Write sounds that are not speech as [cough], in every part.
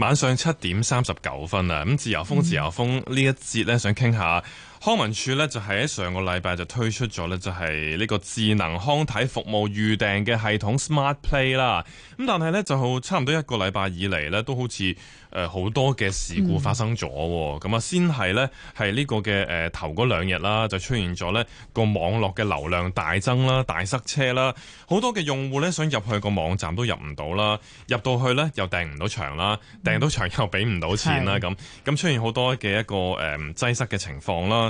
晚上七點三十九分啊，咁自由風，自由風呢一節呢，想傾下。康文署咧就係、是、喺上個禮拜就推出咗咧，就係、是、呢個智能康體服務預訂嘅系統 Smart Play 啦。咁但係咧就好差唔多一個禮拜以嚟咧，都好似好、呃、多嘅事故發生咗、喔。咁啊、嗯，先係咧係呢個嘅誒、呃、頭嗰兩日啦，就出現咗咧個網絡嘅流量大增啦、大塞車啦，好多嘅用戶咧想入去個網站都入唔到啦，入到去咧又訂唔到場啦，訂到場又俾唔到錢啦，咁咁、嗯、出現好多嘅一個誒、呃、擠塞嘅情況啦。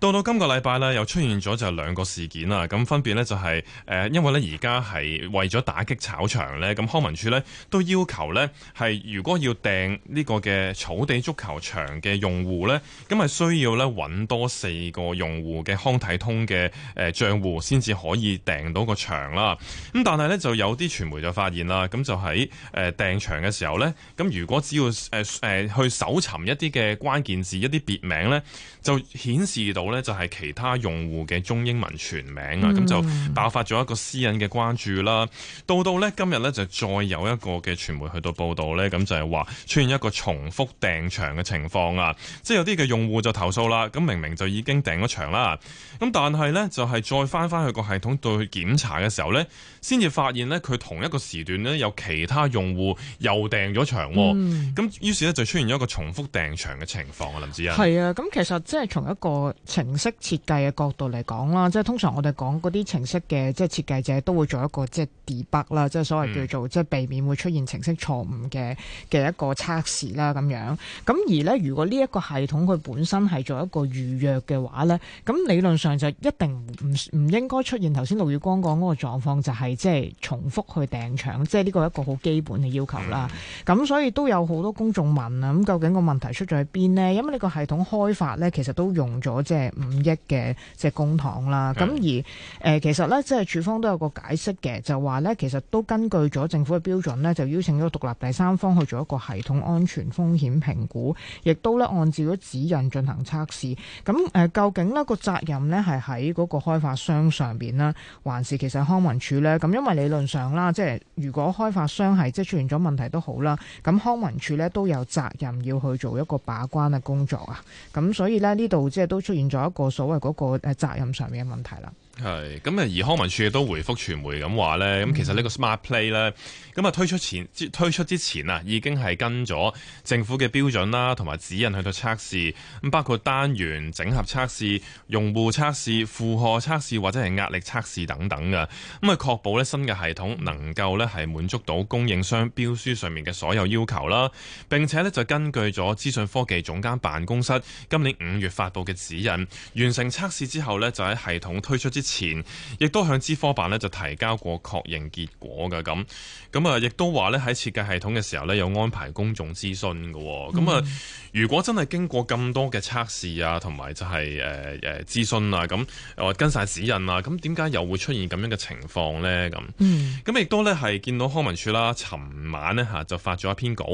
到到今個禮拜咧，又出現咗就兩個事件啦。咁分別咧就係、是、誒、呃、因為咧而家係為咗打擊炒場咧，咁康文署咧都要求咧係如果要訂呢個嘅草地足球場嘅用戶咧，咁係需要咧揾多四個用戶嘅康體通嘅誒賬戶先至可以訂到個場啦。咁但係咧就有啲傳媒就發現啦，咁就喺誒訂場嘅時候咧，咁如果只要誒誒、呃呃、去搜尋一啲嘅關鍵字、一啲別名咧，就顯示到。咧就係其他用戶嘅中英文全名啊，咁就爆發咗一個私隱嘅關注啦。到到咧今日咧就再有一個嘅傳媒去到報道咧，咁就係話出現一個重複訂場嘅情況啊，即係有啲嘅用戶就投訴啦。咁明明就已經訂咗場啦，咁但係咧就係、是、再翻翻去個系統度去檢查嘅時候咧，先至發現咧佢同一個時段咧有其他用戶又訂咗場，咁於、嗯、是咧就出現咗一個重複訂場嘅情況啊。林志欣係啊，咁其實即係從一個。程式設計嘅角度嚟講啦，即係通常我哋講嗰啲程式嘅即係設計者都會做一個即係 debug 啦，即係所謂叫做即係避免會出現程式錯誤嘅嘅一個測試啦咁樣，咁而咧，如果呢一個系統佢本身係做一個預約嘅話咧，咁理論上就一定唔唔應該出現頭先陸宇光講嗰個狀況，就係即係重複去訂場，即係呢個一個好基本嘅要求啦。咁所以都有好多公眾問啊，咁究竟個問題出咗喺邊咧？因為呢個系統開發咧，其實都用咗即係。五億嘅即係公帑啦，咁 Yeah. 而誒、呃、其實咧即係署方都有個解釋嘅，就話咧其實都根據咗政府嘅標準咧，就邀請咗獨立第三方去做一個系統安全風險評估，亦都咧按照咗指引進行測試。咁誒、呃、究竟呢、那個責任咧係喺嗰個開發商上邊咧，還是其實康文署咧？咁因為理論上啦，即係如果開發商係即係出現咗問題都好啦，咁康文署咧都有責任要去做一個把關嘅工作啊。咁所以咧呢度即係都出現咗，仲有一個所謂嗰個誒責任上面嘅問題啦。係咁啊！而康文署亦都回覆傳媒咁話咧，咁其實呢個 SmartPlay 咧，咁啊推出前，推出之前啊，已經係跟咗政府嘅標準啦，同埋指引去到測試，咁包括單元整合測試、用戶測試、負荷測試或者係壓力測試等等嘅，咁啊確保咧新嘅系統能夠咧係滿足到供應商標書上面嘅所有要求啦。並且咧就根據咗資訊科技總監辦公室今年五月發佈嘅指引，完成測試之後咧就喺系統推出之。前亦都向資科辦咧就提交過確認結果嘅咁，咁啊亦都話咧喺設計系統嘅時候咧有安排公眾諮詢嘅，咁啊、嗯、如果真係經過咁多嘅測試啊，同埋就係誒誒諮詢啊，咁誒跟晒指引啊，咁點解又會出現咁樣嘅情況咧？咁、嗯，咁亦都咧係見到康文署啦，尋晚咧吓就發咗一篇稿，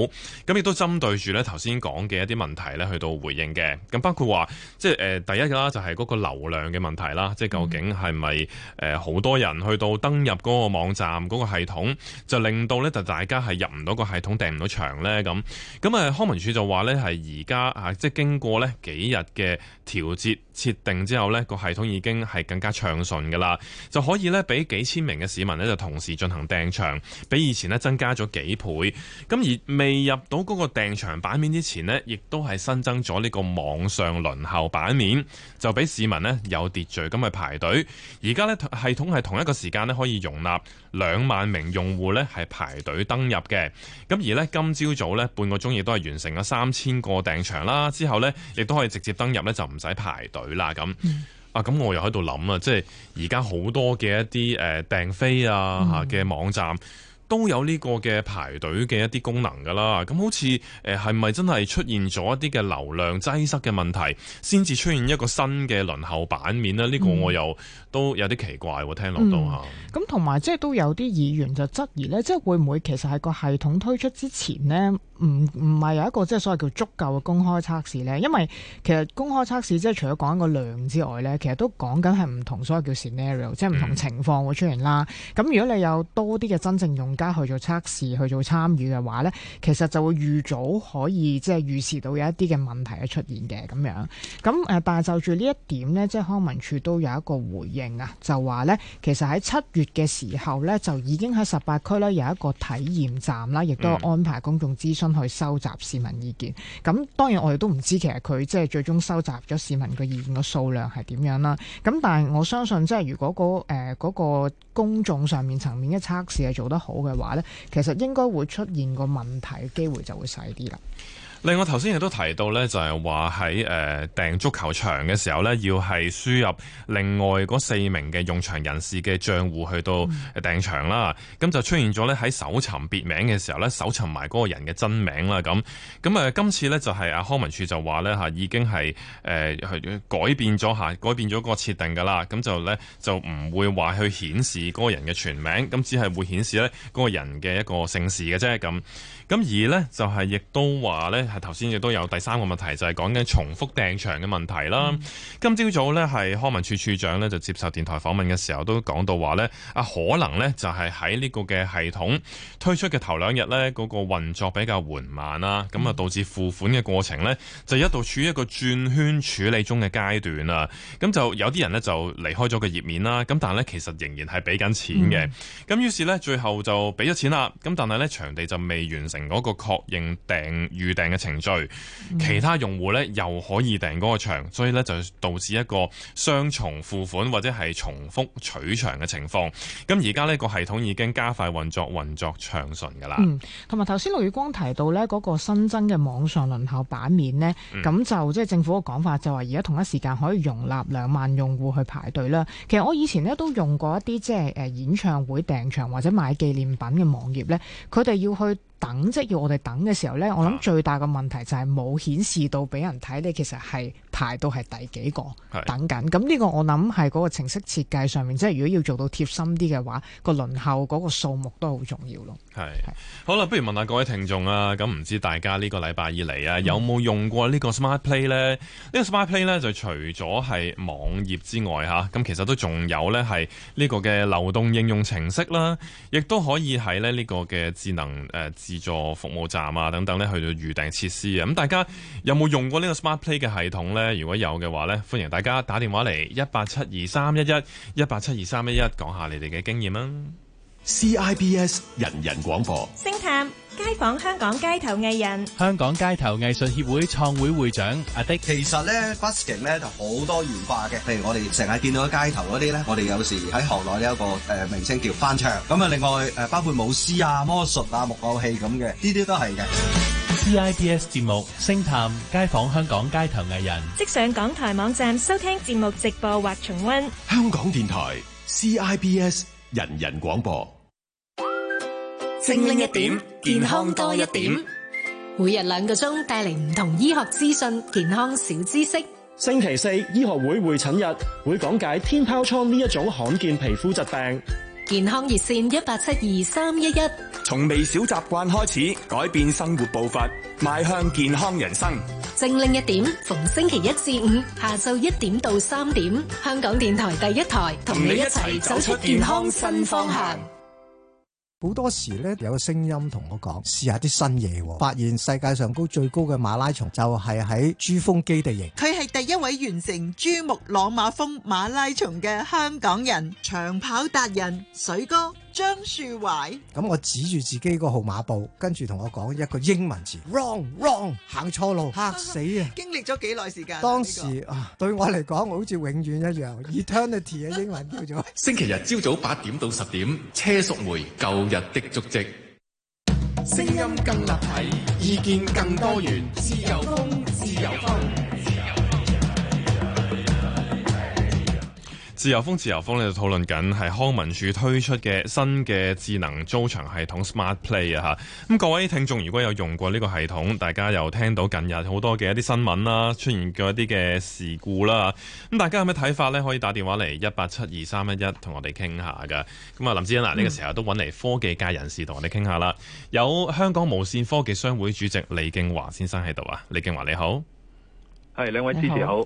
咁亦都針對住咧頭先講嘅一啲問題咧去到回應嘅，咁包括話即係誒第一啦，就係嗰個流量嘅問題啦，即係究竟。係咪誒好多人去到登入嗰個網站嗰個,個系統，就令到呢就大家係入唔到個系統訂唔到場呢？咁？咁啊康文署就話呢，係而家啊，即係經過呢幾日嘅調節設定之後呢，這個系統已經係更加暢順㗎啦，就可以呢俾幾千名嘅市民呢就同時進行訂場，比以前呢增加咗幾倍。咁而未入到嗰個訂場版面之前呢，亦都係新增咗呢個網上輪候版面，就俾市民呢有秩序咁去排隊。而家咧系統係同一個時間咧可以容納兩萬名用戶咧係排隊登入嘅，咁而咧今朝早咧半個鐘亦都係完成咗三千個訂場啦，之後咧亦都可以直接登入咧就唔使排隊啦咁。嗯、啊，咁我又喺度諗啊，即係而家好多嘅一啲誒訂飛啊嚇嘅網站。嗯都有呢個嘅排隊嘅一啲功能噶啦，咁好似誒係咪真係出現咗一啲嘅流量擠塞嘅問題先至出現一個新嘅輪候版面咧？呢個我又都有啲奇怪喎，聽落到吓，咁同埋即係都有啲議員就質疑咧，即係會唔會其實係個系統推出之前咧，唔唔係有一個即係所謂叫足夠嘅公開測試咧？因為其實公開測試即係除咗講一個量之外咧，其實都講緊係唔同所謂叫 scenario，即係唔同情況會出現啦。咁、嗯、如果你有多啲嘅真正用家去做測試，去做參與嘅話咧，其實就會預早可以即係預示到有一啲嘅問題嘅出現嘅咁樣。咁誒，但係就住呢一點咧，即係康文署都有一個回應啊，就話咧，其實喺七月嘅時候咧，就已經喺十八區咧有一個體驗站啦，亦都安排公眾諮詢去收集市民意見。咁、嗯、當然我哋都唔知其實佢即係最終收集咗市民嘅意見嘅數量係點樣啦。咁但係我相信即係如果嗰、嗰、嗰、個呃嗰個公眾上面層面嘅測試係做得好嘅，嘅話咧，其實應該會出現個問題嘅機會就會細啲啦。另外頭先亦都提到咧，就係話喺誒訂足球場嘅時候咧，要係輸入另外嗰四名嘅用場人士嘅賬戶去到訂場啦。咁、嗯、就出現咗咧喺搜尋別名嘅時候咧，搜尋埋嗰個人嘅真名啦。咁咁、呃、今次咧就係、是、阿康文署就話咧已經係誒、呃、改變咗下改變咗個設定噶啦。咁就咧就唔會話去顯示嗰個人嘅全名，咁只係會顯示咧嗰個人嘅一個姓氏嘅啫。咁咁而呢，就係亦都話咧。係頭先亦都有第三個問題，就係講緊重複訂場嘅問題啦。嗯、今朝早呢，係康文署署長呢，就接受電台訪問嘅時候，都講到話呢，啊可能呢，就係喺呢個嘅系統推出嘅頭兩日呢，嗰、嗰個運作比較緩慢啦，咁啊、嗯、導致付款嘅過程呢，就一度處於一個轉圈處理中嘅階段啦。咁就有啲人呢，就離開咗個頁面啦，咁但係呢，其實仍然係俾緊錢嘅。咁於、嗯、是呢，最後就俾咗錢啦，咁但係呢，場地就未完成嗰個確認訂預訂嘅程序，其他用戶咧又可以訂嗰個場，所以咧就導致一個雙重付款或者係重複取場嘅情況。咁而家呢個系統已經加快運作，運作暢順噶啦。嗯，同埋頭先陸宇光提到咧嗰個新增嘅網上輪候版面呢，咁、嗯、就即係、就是、政府嘅講法就話而家同一時間可以容納兩萬用戶去排隊啦。其實我以前咧都用過一啲即係演唱會訂場或者買紀念品嘅網頁呢，佢哋要去。等即要我哋等嘅時候咧，我諗最大嘅問題就係冇顯示到俾人睇，你其實係。排都係第幾個等緊，咁呢個我諗係嗰個程式設計上面，即係如果要做到貼心啲嘅話，個輪候嗰個數目都好重要咯。係。是是好啦，不如問下各位聽眾啊，咁唔知大家呢個禮拜以嚟啊，有冇用過呢個 Smart Play 咧？呢個 Smart Play 咧就除咗係網頁之外吓，咁其實都仲有咧係呢個嘅流動應用程式啦，亦都可以喺咧呢個嘅智能誒、呃、自助服務站啊等等咧去預訂設施啊，咁大家有冇用過呢個 Smart Play 嘅系統咧？如果有嘅話咧，歡迎大家打電話嚟一八七二三一一一八七二三一一，講下你哋嘅經驗啦。CIBS 人人廣播，星探街坊香港街頭藝人，香港街頭藝術協會創會會長阿迪的。其實咧 busking 咧就好多元化嘅，譬如我哋成日見到街頭嗰啲咧，我哋有時喺行內有一個誒、呃、名稱叫翻唱，咁啊，另外誒、呃、包括舞獅啊、魔術啊、木偶戲咁嘅，呢啲都係嘅。CIBS 節目星探街訪香港街頭藝人，即上港台網站收聽節目直播或重温。香港電台 CIBS 人人廣播，精靈一點，健康多一點。每日兩個鐘帶嚟唔同醫學資訊，健康小知識。星期四醫學會會診日會講解天疱瘡呢一種罕見皮膚疾病。健康熱線一八七二三一一，從微小習慣開始改變生活步伐，邁向健康人生。精靈一點，逢星期一至五下晝一點到三點，香港電台第一台同你一齊走出健康新方向。好多時咧，有個聲音同我講：試下啲新嘢，發現世界上高最高嘅馬拉松就係喺珠峰基地營。佢係第一位完成珠穆朗瑪峰馬拉松嘅香港人，長跑達人水哥。張樹懷，咁我指住自己個號碼簿，跟住同我講一個英文字，wrong wrong，行錯路，吓死啊！經歷咗幾耐時間？當時、這個、啊，對我嚟講，我好似永遠一樣，eternity 嘅、啊、英文叫做。 [laughs] 星期日朝早八點到十點，車淑梅，舊日的足跡。聲音更立體，意見更多元，自由風，自由風。自由風自由風咧就討論緊係康文署推出嘅新嘅智能租場系統 Smart Play 啊嚇，咁、啊、各位聽眾如果有用過呢個系統，大家又聽到近日好多嘅一啲新聞啦、啊，出現過一啲嘅事故啦，咁、啊啊、大家有咩睇法呢？可以打電話嚟一八七二三一一同我哋傾下噶。咁啊，林志欣啊，呢、嗯、個時候都揾嚟科技界人士同我哋傾下啦。有香港無線科技商會主席李勁華先生喺度啊，李勁華你好。係，兩位主持好。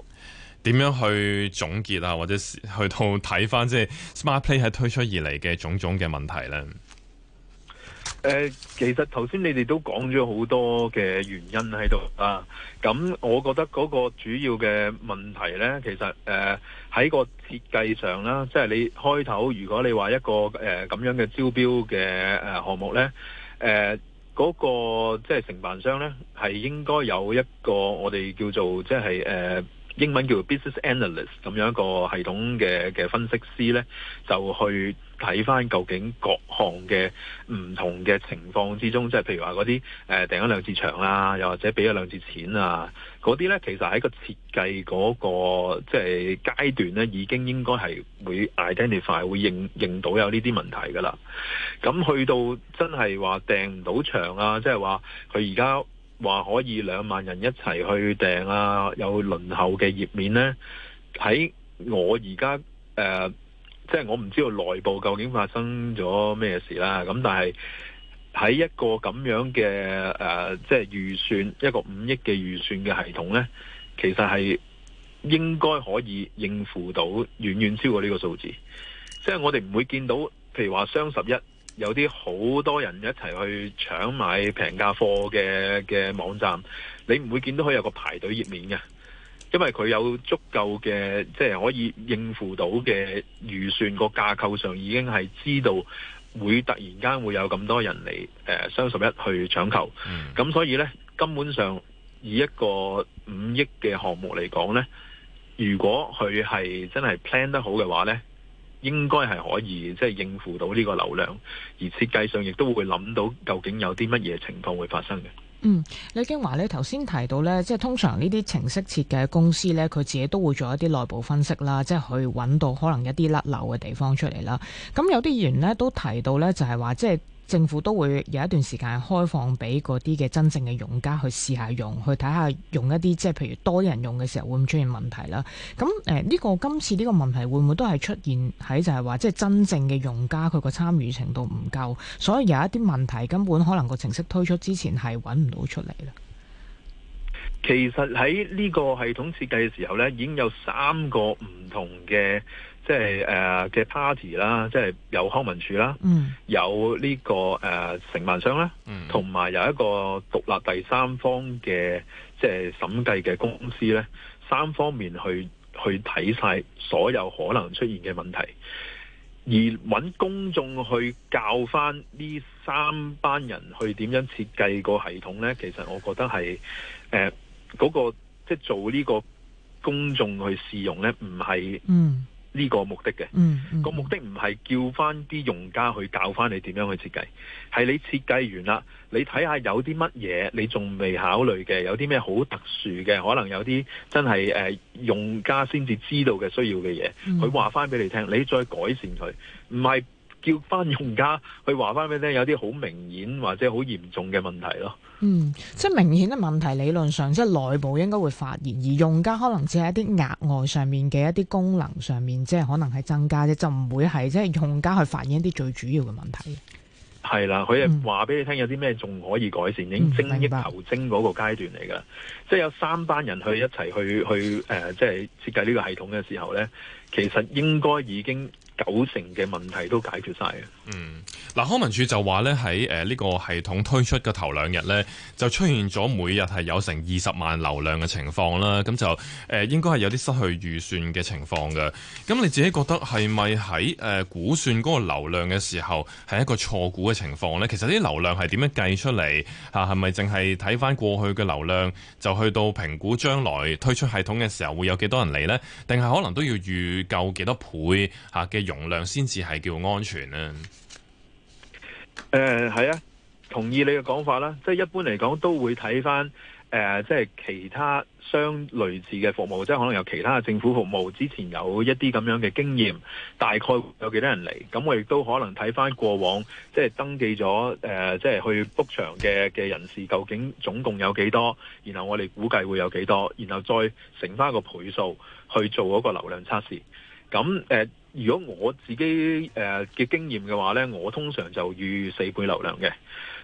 點樣去總結啊？或者去到睇翻，即係 Smart Play 喺，推出而嚟嘅種種嘅問題呢？誒、呃，其實頭先你哋都講咗好多嘅原因，喺度啊。咁，我覺得嗰個主要嘅問題呢，其實誒喺、呃、個設計上啦，即係你開頭，如果你話一個誒咁、呃、樣嘅招標嘅誒項目呢，誒、呃、嗰、呃那個即係承辦商呢，係應該有一個我哋叫做即係誒。呃英文叫做 business analyst 咁樣一個系統嘅嘅分析師咧，就去睇翻究竟各項嘅唔同嘅情況之中，即係譬如話嗰啲誒訂咗兩次場啦、啊，又或者俾咗兩次錢啊，嗰啲咧其實喺個設計嗰、嗰個即係、就是、階段咧，已經應該係會 identify 會認認，認到有呢啲問題噶啦。咁去到真係話訂唔到場啊，即係話佢而家。話可以兩萬人一齊去訂啊，有輪候嘅頁面呢。喺我而家誒，即係我唔知道內部究竟發生咗咩事啦。咁但係喺一個咁樣嘅誒，即係預算一個五億嘅預算嘅系統呢，其實係應該可以應付到遠遠超過呢個數字。即係我哋唔會見到，譬如話雙十一。有啲好多人一齊去搶買平價貨嘅嘅網站，你唔會見到佢有個排隊頁面嘅，因為佢有足夠嘅即係可以應付到嘅預算，個架構上已經係知道會突然間會有咁多人嚟誒雙十一去搶購，咁、嗯、所以咧根本上以一個五億嘅項目嚟講咧，如果佢係真係 plan 得好嘅話咧。應該係可以即係、就是、應付到呢個流量，而設計上亦都會諗到究竟有啲乜嘢情況會發生嘅。嗯，李勁華你頭先提到呢，即係通常呢啲程式設計的公司呢，佢自己都會做一啲內部分析啦，即係去揾到可能一啲甩漏嘅地方出嚟啦。咁有啲議員呢都提到呢，就係話即係。政府都會有一段時間開放俾嗰啲嘅真正嘅用家去試下用，去睇下用一啲即係譬如多人用嘅時候會唔會出現問題啦。咁誒呢個今次呢個問題會唔會都係出現喺就係話即係真正嘅用家佢個參與程度唔夠，所以有一啲問題根本可能個程式推出之前係揾唔到出嚟啦。其實喺呢個系統設計嘅時候呢，已經有三個唔同嘅。即係誒嘅 party 啦，即係有康文署啦，嗯、有呢、這個誒、呃、承辦商啦，同埋、嗯、有一個獨立第三方嘅即係審計嘅公司咧，三方面去去睇晒所有可能出現嘅問題，而搵公眾去教翻呢三班人去點樣設計個系統咧，其實我覺得係誒嗰個即係、就是、做呢個公眾去試用咧，唔係嗯。呢個目的嘅，嗯嗯、個目的唔係叫翻啲用家去教翻你點樣去設計。係你設計完啦，你睇下有啲乜嘢你仲未考慮嘅，有啲咩好特殊嘅，可能有啲真係、呃、用家先至知道嘅需要嘅嘢，佢話翻俾你聽，你再改善佢，唔係叫翻用家去話翻俾你聽，有啲好明顯或者好嚴重嘅問題咯。嗯，即係明顯嘅問題，理論上即係內部應該會發現，而用家可能只係一啲額外上面嘅一啲功能上面，即係可能係增加啫，就唔會係即係用家去發現一啲最主要嘅問題。係啦，佢係話俾你聽有啲咩仲可以改善，已經、嗯、精益求精嗰個階段嚟噶。白即係有三班人一起去一齊去去誒、呃，即係設計呢個系統嘅時候咧，其實應該已經。九成嘅問題都解決晒嘅。嗯，嗱，康文署就話咧喺誒呢個系統推出嘅頭兩日咧，就出現咗每日係有成二十萬流量嘅情況啦。咁就誒應該係有啲失去預算嘅情況嘅。咁你自己覺得係咪喺誒估算嗰個流量嘅時候係一個錯估嘅情況呢？其實啲流量係點樣計出嚟嚇？係咪淨係睇返過去嘅流量就去到評估將來推出系統嘅時候會有幾多人嚟呢？定係可能都要預夠幾多倍嚇嘅？容量先至係叫安全啊。誒、呃，係啊，同意你嘅講法啦，呃。即係一般嚟講都會睇翻誒，即係其他相類似嘅服務，即係可能有其他嘅政府服務之前有一啲咁樣嘅經驗，大概有幾多人嚟？咁我亦都可能睇翻過往，即係登記咗誒、呃，即係去 book 場嘅嘅人士，究竟總共有幾多？然後我哋估計會有幾多？然後再乘翻個倍數去做嗰個流量測試，咁誒。呃如果我自己誒嘅經驗嘅話呢，我通常就預四倍流量嘅。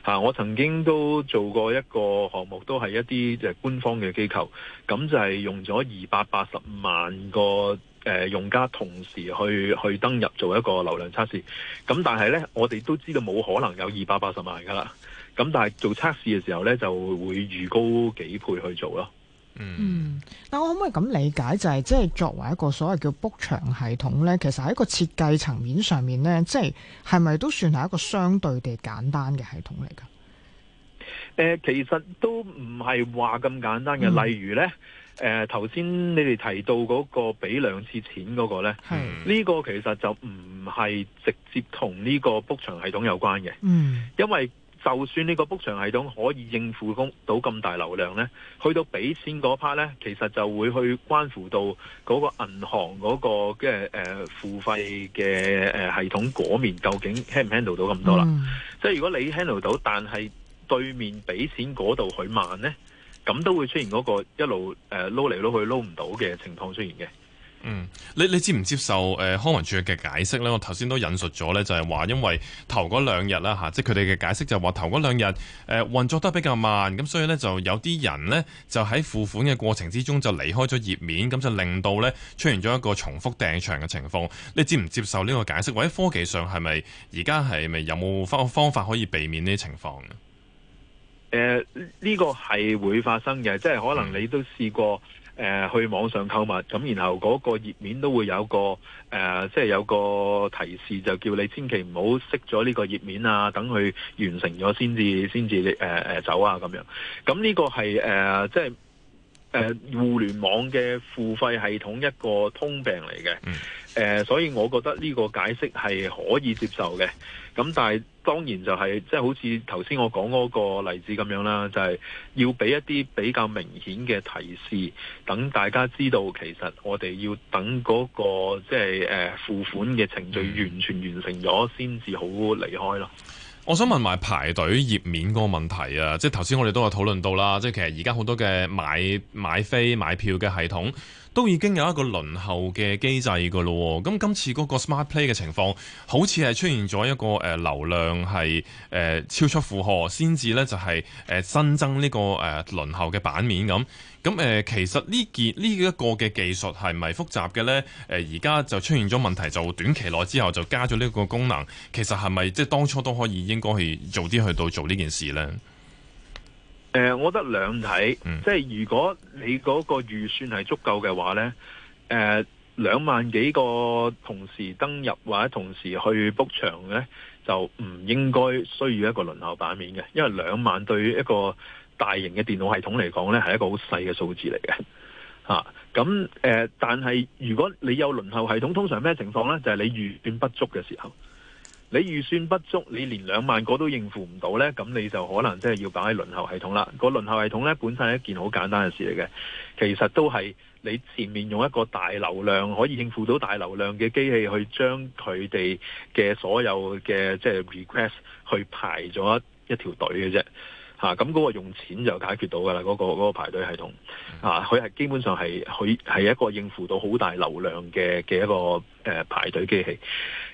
吓，我曾經都做過一個項目，都係一啲即係官方嘅機構，咁就係用咗二百八十萬個誒用家同時去去登入做一個流量測試。咁但係呢，我哋都知道冇可能有二百八十萬㗎啦。咁但係做測試嘅時候呢，就會預高幾倍去做咯。嗯，但我可唔可以咁理解，就係即係作為一個所謂叫 book 場系統咧，其實喺一個設計層面上面咧，即係係咪都算係一個相對地簡單嘅系統嚟噶？誒、呃，其實都唔係話咁簡單嘅，嗯、例如咧，誒、呃，頭先你哋提到嗰個俾兩次錢嗰個咧，係呢個其實就唔係直接同呢個 book 場系統有關嘅，嗯，因為。就算呢個 book 場系統可以應付到咁大流量咧，去到俾錢嗰 part 咧，其實就會去關乎到嗰個銀行嗰個即係誒付費嘅誒系統嗰面究竟 handle 唔 handle 到咁多啦。嗯、即係如果你 handle 到，但係對面俾錢嗰度佢慢咧，咁都會出現嗰個一路誒撈嚟撈去撈唔到嘅情況出現嘅。嗯，你你接唔接受誒、呃、康文署嘅解釋呢？我頭先都引述咗呢，就係、是、話因為頭嗰兩日啦嚇，即係佢哋嘅解釋就話頭嗰兩日誒運作得比較慢，咁所以呢，就有啲人呢就喺付款嘅過程之中就離開咗頁面，咁就令到呢出現咗一個重複訂場嘅情況。你接唔接受呢個解釋？或者科技上係咪而家係咪有冇方方法可以避免呢啲情況？呢、呃，這個係會發生嘅，即係可能你都試過。嗯誒去網上購物，咁然後嗰個頁面都會有個誒、呃，即係有個提示，就叫你千祈唔好熄咗呢個頁面啊，等佢完成咗先至先至走啊咁樣。咁呢個係誒、呃、即係誒、呃、互聯網嘅付費系統一個通病嚟嘅。嗯誒、呃，所以我覺得呢個解釋係可以接受嘅。咁但係當然就係、是，即、就、係、是、好似頭先我講嗰個例子咁樣啦，就係、是、要俾一啲比較明顯嘅提示，等大家知道，其實我哋要等嗰、那個即係誒付款嘅程序完全完成咗，先至好離開咯。我想問埋排隊頁面嗰個問題啊，即係頭先我哋都有討論到啦，即係其實而家好多嘅買買飛買票嘅系統。都已經有一個輪候嘅機制噶咯，咁今次嗰個 Smart Play 嘅情況，好似係出現咗一個誒、呃、流量係誒、呃、超出負荷，先至咧就係、是、誒、呃、新增呢、這個誒、呃、輪候嘅版面咁。咁誒、呃、其實呢件呢一個嘅技術係咪複雜嘅呢？誒而家就出現咗問題，就短期內之後就加咗呢個功能，其實係咪即係當初都可以應該去早去做啲去到做呢件事呢？誒、呃，我覺得兩睇，即係如果你嗰個預算係足夠嘅話呢誒、呃，兩萬幾個同時登入，或者同時去 book 場呢，就唔應該需要一個輪候版面嘅，因為兩萬對於一個大型嘅電腦系統嚟講呢係一個好細嘅數字嚟嘅。吓、啊，咁、呃、誒，但係如果你有輪候系統，通常咩情況呢？就係、是、你預算不足嘅時候。你預算不足，你連兩萬個都應付唔到呢，咁你就可能真係要擺喺輪候系統啦。個輪候系統呢，本身係一件好簡單嘅事嚟嘅，其實都係你前面用一個大流量可以應付到大流量嘅機器去將佢哋嘅所有嘅即係 request 去排咗一條隊嘅啫。嚇咁嗰個用錢就解決到㗎啦，嗰個嗰個排隊系統，啊佢係基本上係佢係一個應付到好大流量嘅嘅一個誒排隊機器。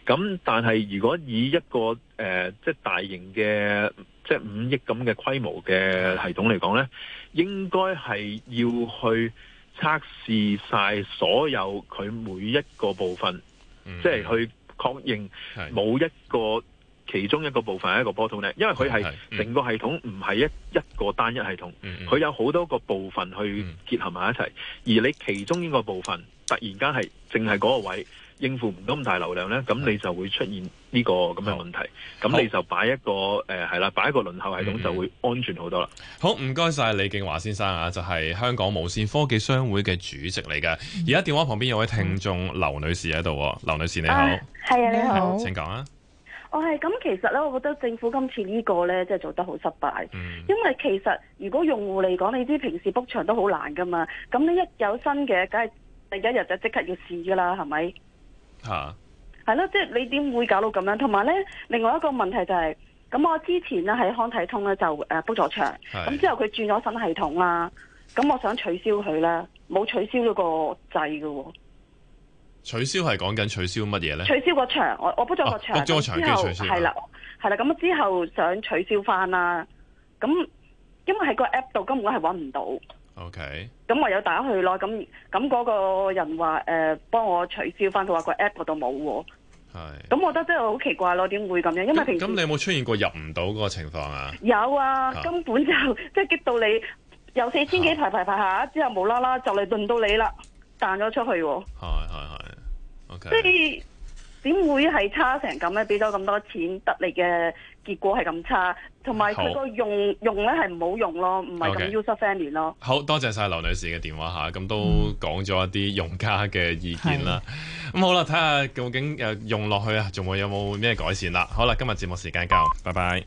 咁但係如果以一個誒即係大型嘅即係五億咁嘅規模嘅系統嚟講咧，應該係要去測試曬所有佢每一個部分，即係去確認冇一個。其中一個部分係一個波動呢，因為佢係成個系統唔係一一個單一系統，佢、嗯、有好多個部分去結合埋一齊。嗯、而你其中呢個部分突然間係淨係嗰個位應付唔到咁大流量呢，咁你就會出現呢個咁嘅問題。咁是、嗯、你就擺一個係啦、呃，擺一個輪候系統就會安全好多啦。好，唔該晒，李勁華先生啊，就係、是、香港無線科技商會嘅主席嚟嘅。而家、嗯、電話旁邊有位聽眾劉女士喺度，劉女士你好，係啊，你好，請講啊。哦，係咁，其實咧，我覺得政府今次呢個咧，即係做得好失敗。嗯、因為其實如果用戶嚟講，你知平時 book 場都好難噶嘛，咁你一有新嘅，梗係第一日就即刻要試噶啦，係咪？嚇、啊！係咯，即係你點會搞到咁樣？同埋咧，另外一個問題就係、是，咁我之前咧喺康體通咧就誒 book 咗場，咁是之後佢轉咗新系統啦，咁我想取消佢咧，冇取消到個掣噶喎。取消係講緊取消乜嘢咧？取消個場，我我 book 咗個場之後係啦，係啦，咁之後想取消翻啦。咁因為喺個 app 度根本係揾唔到。OK。咁我有打去咯，咁咁嗰個人話誒幫我取消翻，佢話個 app 度冇喎。係。咁我覺得真係好奇怪咯，點會咁樣？因為平時咁你有冇出現過入唔到嗰個情況啊？有啊，根本就即係激到你有四千幾排排排下，之後冇啦啦就嚟輪到你啦，彈咗出去喎。係係係。即係點會係差成咁咧？俾咗咁多錢得嚟嘅結果係咁差，同埋佢個用好用咧，係唔好用咯，唔係咁 user friendly 咯。Okay. 好多謝晒劉女士嘅電話吓，咁都講咗一啲用家嘅意見啦。咁、嗯、好啦，睇下究竟誒用落去啊，仲會有冇咩改善啦？好啦，今日節目時間夠，拜拜。